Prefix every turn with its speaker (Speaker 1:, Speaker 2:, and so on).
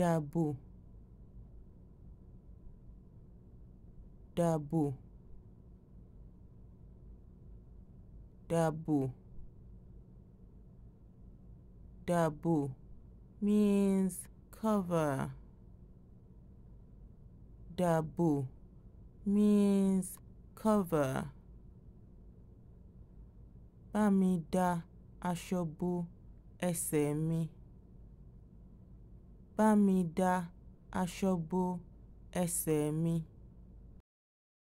Speaker 1: dàbò dàbò dàbò dàbò means cover dàbò means cover Bami da aṣọ bo ẹsẹ̀ mi bá mi da aṣọ bo ẹsẹ̀ mi